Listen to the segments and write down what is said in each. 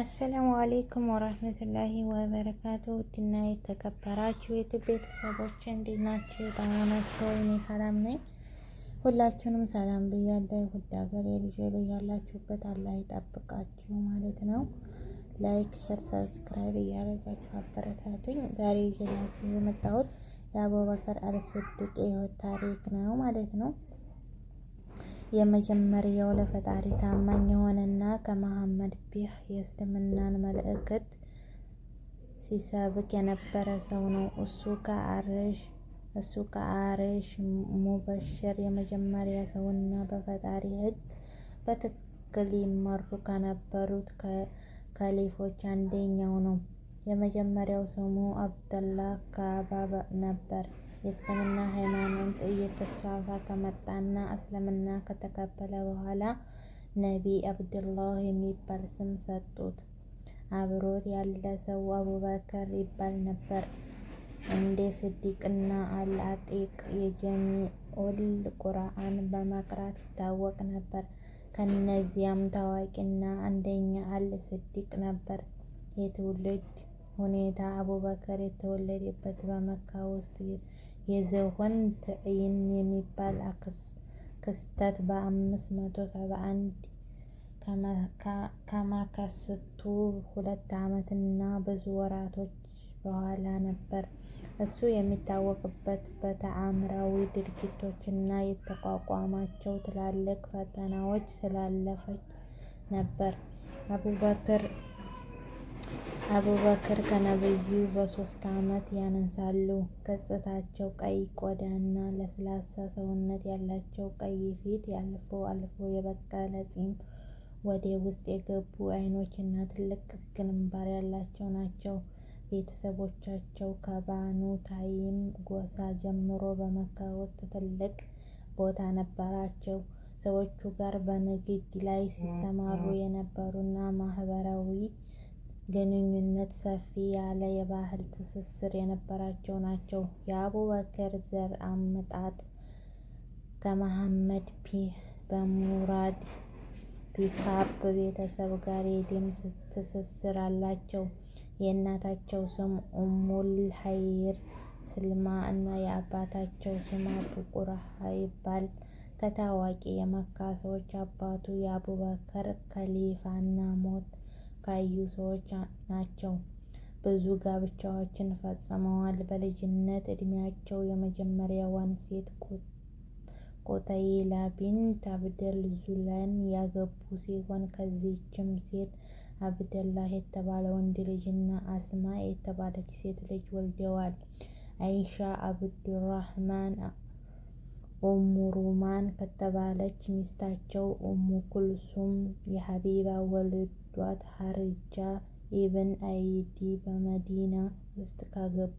አሰላሙ አሌይኩም ወራህመቱላሂ ወበረካቱ። ውድና የተከበራችሁ የዩቲዩብ ቤተሰቦች እንዴት ናችሁ? ደህና ናችሁ? እኔ ሰላም ነኝ። ሁላችሁንም ሰላም ብያለሁ። ውድ ሀገር የልጅ ያላችሁበት አላህ ይጠብቃችሁ ማለት ነው። ላይክ፣ ሸር፣ ሰብስክራይብ እያደረጋችሁ አበረታቱኝ። ዛሬ ይዤላችሁ የመጣሁት የአቡበከር አልሲዲቅ የህይወት ታሪክ ነው ማለት ነው። የመጀመሪያው ለፈጣሪ ታማኝ የሆነና ከመሐመድ ቢህ የእስልምናን መልእክት ሲሰብክ የነበረ ሰው ነው። እሱ ከአርሽ ሙበሽር የመጀመሪያ ሰውና በፈጣሪ ህግ በትክክል ይመሩ ከነበሩት ከሊፎች አንደኛው ነው። የመጀመሪያው ስሙ አብደላህ ካባ ነበር። የእስልምና ሃይማኖት እየተስፋፋ ከመጣና እስልምና ከተቀበለ በኋላ ነቢ አብድላህ የሚባል ስም ሰጡት። አብሮት ያለ ሰው አቡበከር ይባል ነበር። እንደ ስዲቅና አልአጢቅ የጀሚዑል ቁርአን በመቅራት ይታወቅ ነበር። ከነዚያም ታዋቂና አንደኛ አል ስዲቅ ነበር። የትውልድ ሁኔታ አቡበከር የተወለደበት በመካ ውስጥ የዘሆን ትዕይን የሚባል ክስተት በአምስት መቶ ሰባ አንድ ከማከስቱ ሁለት ዓመትና ብዙ ወራቶች በኋላ ነበር። እሱ የሚታወቅበት በተአምራዊ ድርጊቶችና የተቋቋማቸው ትላልቅ ፈተናዎች ስላለፈች ነበር። አቡበክር አቡበክር ከነብዩ በሶስት ዓመት ያነሳሉ። ገጽታቸው ቀይ ቆዳና ለስላሳ ሰውነት ያላቸው፣ ቀይ ፊት፣ አልፎ አልፎ የበቀለ ፂም፣ ወደ ውስጥ የገቡ አይኖችና ትልቅ ግንባር ያላቸው ናቸው። ቤተሰቦቻቸው ከባኑ ታይም ጎሳ ጀምሮ በመካ ውስጥ ትልቅ ቦታ ነበራቸው። ሰዎቹ ጋር በንግድ ላይ ሲሰማሩ የነበሩና ማህበራዊ ግንኙነት ሰፊ ያለ የባህል ትስስር የነበራቸው ናቸው። የአቡበከር ዘር አመጣጥ ከመሐመድ በሙራድ ቢካፕ ቤተሰብ ጋር የደም ትስስር አላቸው። የእናታቸው ስም ኡሙል ሀይር ስልማ እና የአባታቸው ስም አቡ ይባል። ከታዋቂ የመካ ሰዎች አባቱ የአቡበከር ከሊፋና ሞት ካዩ ሰዎች ናቸው። ብዙ ጋብቻዎችን ፈጽመዋል። በልጅነት እድሜያቸው የመጀመሪያዋን ሴት ቁጠይላ ቢንት አብደል ዙላን ያገቡ ሲሆን ከዚህችም ሴት አብደላህ የተባለ ወንድ ልጅና አስማ የተባለች ሴት ልጅ ወልደዋል። አይሻ አብዱራህማን ሩማን ከተባለች ሚስታቸው ኡሙ ኩልሱም የሀቢባ ወልድ ወስዷት ሀርጃ ኢብን አይዲ በመዲና ውስጥ ካገቡ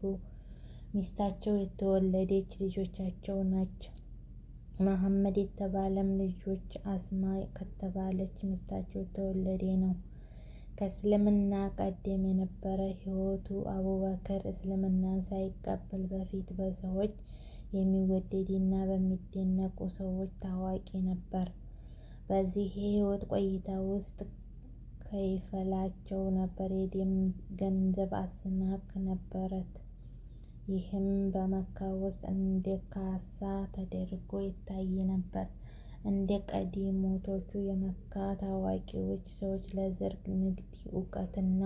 ሚስታቸው የተወለደች ልጆቻቸው ናቸው። መሐመድ የተባለም ልጆች አስማ ከተባለች ሚስታቸው የተወለደ ነው። ከእስልምና ቀደም የነበረ ሕይወቱ አቡበከር እስልምናን ሳይቀበል በፊት በሰዎች የሚወደድና በሚደነቁ ሰዎች ታዋቂ ነበር። በዚህ የሕይወት ቆይታ ውስጥ ከይፈላቸው ነበር። የደም ገንዘብ አስናክ ነበረት። ይህም በመካ ውስጥ እንደ ካሳ ተደርጎ ይታይ ነበር። እንደ ቀዲሞቶቹ የመካ ታዋቂዎች ሰዎች ለዘርግ ንግድ እውቀትና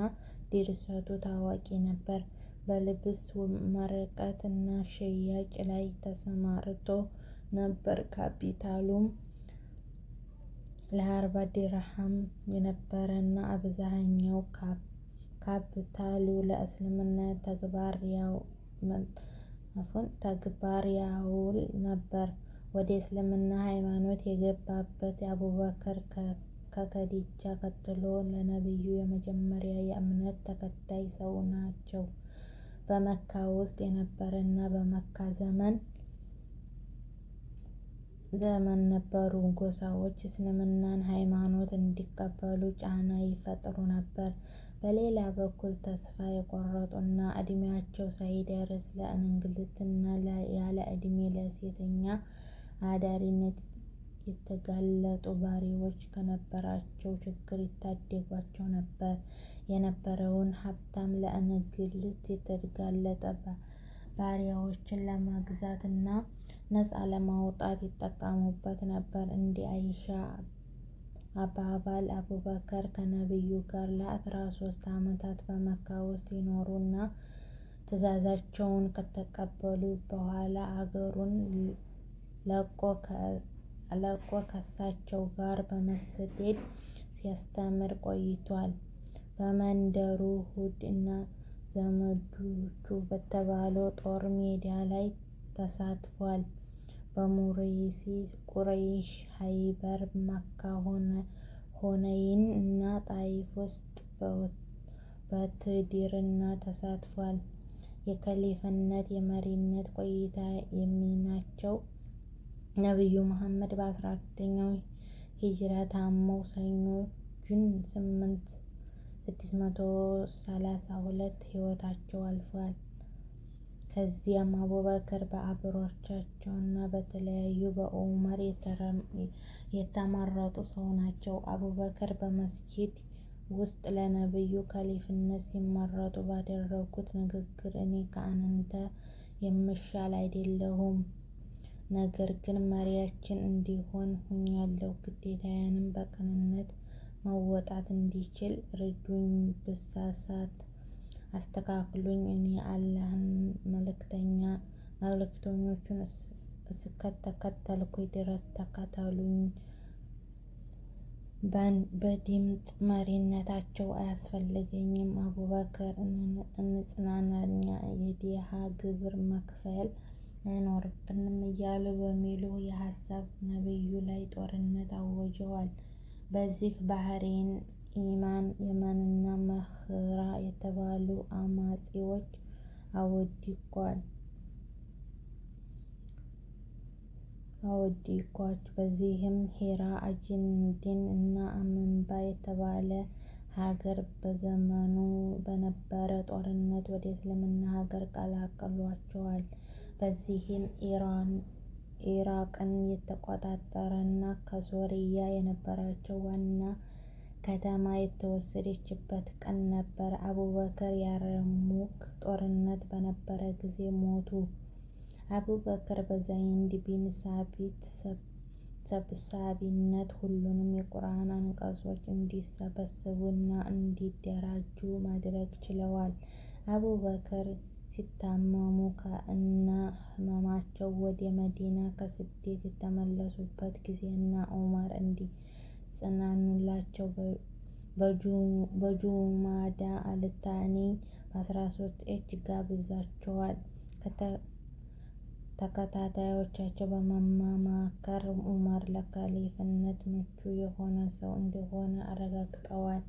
ድርሰቱ ታዋቂ ነበር። በልብስ መረቀት እና ሽያጭ ላይ ተሰማርቶ ነበር። ካፒታሉም ለአርባ ዲርሃም የነበረና አብዛኛው ካፒታሉ ለእስልምና ተግባር ያውል ነበር። ወደ እስልምና ሃይማኖት የገባበት አቡበከር ከከዲቻ ቀጥሎ ለነቢዩ የመጀመሪያ የእምነት ተከታይ ሰው ናቸው። በመካ ውስጥ የነበረና በመካ ዘመን ዘመን ነበሩ። ጎሳዎች እስልምናን ሃይማኖት እንዲቀበሉ ጫና ይፈጥሩ ነበር። በሌላ በኩል ተስፋ የቆረጡና እድሜያቸው ሳይደርስ ለእንግልትና ያለ እድሜ ለሴተኛ አዳሪነት የተጋለጡ ባሪዎች ከነበራቸው ችግር ይታደጓቸው ነበር። የነበረውን ሀብታም ለእንግልት የተጋለጠ ባሪያዎችን ለመግዛት እና ነፃ ለማውጣት ይጠቀሙበት ነበር። እንደ አይሻ አባባል አቡበከር ከነቢዩ ጋር ለአስራ ሶስት ዓመታት በመካ ውስጥ ይኖሩና ትእዛዛቸውን ከተቀበሉ በኋላ አገሩን ለቆ ከእሳቸው ጋር በመሰደድ ሲያስተምር ቆይቷል። በመንደሩ ሁድ እና ዘመዶቹ በተባለው ጦር ሜዳ ላይ ተሳትፏል። በሙርሲ፣ ቁረይሽ፣ ሀይበር፣ መካ፣ ሆነይን እና ጣይፍ ውስጥ በውትድርና ተሳትፏል። የከሊፍነት የመሪነት ቆይታ የሚናቸው ነቢዩ መሐመድ በአስራ አራተኛው ሂጅራ ታመው ሰኞ ጁን ስምንት ስድስት መቶ ሰላሳ ሁለት ህይወታቸው አልፏል። ከዚያም አቡበከር በአብሮቻቸውና በተለያዩ በዑመር የተመረጡ ሰው ናቸው። አቡበከር በመስጊድ ውስጥ ለነብዩ ከሊፍነት ሲመረጡ ባደረጉት ንግግር እኔ ከአንንተ የምሻል አይደለሁም፣ ነገር ግን መሪያችን እንዲሆን ሆኛለሁ፣ ግዴታዬንም በቅንነት መወጣት እንዲችል ርዱኝ ብሳሳት አስተካክሉኝ እኔ አላህን መልእክተኛ መልእክተኞቹን እስከተከተልኩ ድረስ ተከተሉኝ። በድምፅ መሪነታቸው አያስፈልገኝም። አቡበክር እንጽናናኛ የዲሃ ግብር መክፈል አይኖርብንም እያሉ በሚሉ የሀሳብ ነብዩ ላይ ጦርነት አወጀዋል። በዚህ ባህሬን ኢማን አወዲኳን አወዲኳችሁ በዚህም ሄራ አጅንድን እና አመንባ የተባለ ሀገር በዘመኑ በነበረ ጦርነት ወደ እስልምና ሀገር ቀላቅሏቸዋል። በዚህም ኢራቅን የተቆጣጠረ እና ከሶሪያ የነበራቸው ዋና ከተማ የተወሰደችበት ቀን ነበር። አቡበከር የያርሙክ ጦርነት በነበረ ጊዜ ሞቱ። አቡበከር በዘይንድ ቢን ሳቢት ሰብሳቢነት ሁሉንም የቁርአን አንቀጾች እንዲሰበስቡና እንዲደራጁ ማድረግ ችለዋል። አቡበከር ሲታመሙ ከእና ህመማቸው ወደ መዲና ከስደት የተመለሱበት ጊዜና ኦማር እንዲ ተጽናኑላቸው። በጁማዳ አልታኒ በ13 ኤች ጋብዛቸዋል። ተከታታዮቻቸው በመማማከር ዑመር ለካሊፍነት ምቹ የሆነ ሰው እንደሆነ አረጋግጠዋል።